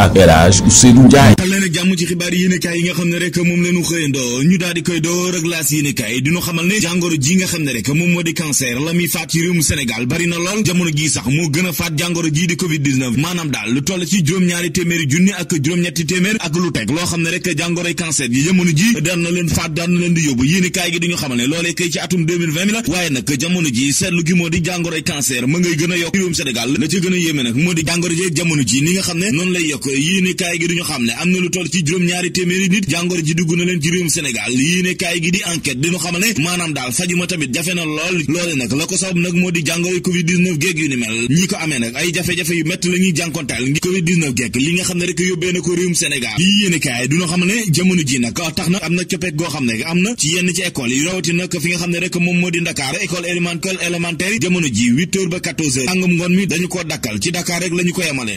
ak El Hadj Ousseynou Ndiaye leen nga xam ne rek moom lañu xëyandoo ñu daal koy door a faat jàngoro jii ñu xamal ne loolee ji seetlu gi moo di jàngoroy cancer ma ngay gën a yokk réewum Sénégal la ci gën a nag moo di jàngoro ji jamono ji ni nga xam ne noonu lay yokk yéene kaay gi duñu xam ne am na lu toll ci juróom-ñaari téeméeri nit jàngoro ji dugg na leen ci la ko moo di jàngoro covid 19 ay jafe yu métti la ñuy jànkonteel covid 19 geek li nga xam ne rek yóbbee na ko réewum Sénégal lii yéene kaay duñu xam jamono ji nag tax na am na coppet goo xam ne am na ci yenn ci école yi rawati nag fi nga xam ne rek moom moo di Dakar école élémentaire élémentaire yi jamono ji 8 heures ba 14 heures ngoon mi dañu koo dakkal ci Dakar rek la ñu ko yemale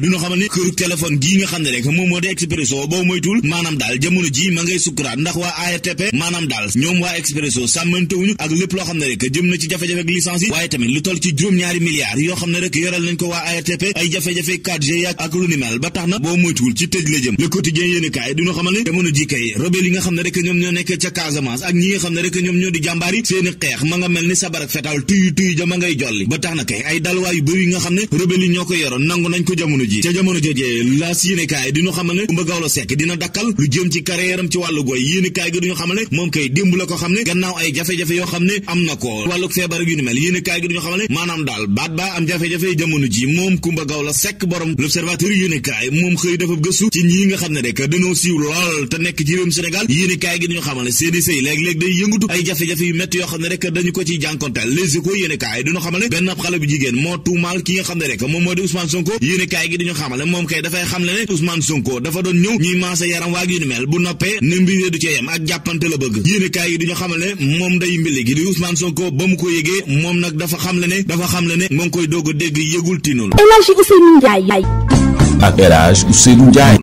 duñu xamal ne këru téléphone gii nga xam ne rek moom moo di Expresso boo moytul maanaam daal jamono ji ma ngay sukkuraat ndax waa ARTP maanaam daal ñoom waa Expresso sàmmantewuñu ak lépp loo xam ne rek jëm na ci jafe-jafe ak licence yi waaye tamit lu toll ci juróom ne rek yoral nañ ko ak ak ba tax na boo moytuwul ci tëj la jëm le quotidien yéen kaay duñu xamal ne jamono ji kay rebelle nga xam ne rek ñoom ñoo nekk ca Casamance ak ñi nga xam ne rek ñoom ñoo di jàmbaar yi seeni xeex ma nga mel ni sabar ak fetal tuy tuy ja na kay ne rebelle yi ñoo ko yoroon nangu nañ ko jamono ji ca jamono jojee laas yéenekaay di ñu xamal ne Coumba Gawlo Seck dina dakkal lu jëm ci carrière am ci wàllu gooy yéenekaay gi duñu xamal ne moom kay démb la ko xam ne xam ne am na ko wàllu feebar yu ni mel yéenekaay gi duñu xamal ne maanaam daal baat baa am nga xam ne rek dañoo siiw lool te seeni sëy léeg-léeg day yëngutu ay jafe-jafe yu métti yoo xam ne rek dañu ko ciy jànkonteel Les Échos yéenekaay duñu xamal ne benn xale bu jigéen moo tuumaal ki nga xam ne rek moom moo di gi di ñu xamal moom kay dafay xam le ne Ousmane Sonko dafa doon ñëw ñuy maase yaram waag yu ni mel bu noppee ne mbir du ci yem ak jàppante la bëgg yéenekaay yi di xamal ne moom day mbili gi di Ousmane Sonko ba mu ko yëgee moom nag dafa xam le ne dafa xam le ne moo koy doog a dégg yëgul tinul El Hadji Ousseynou Ndiaye ak El Hadji Ousseynou Ndiaye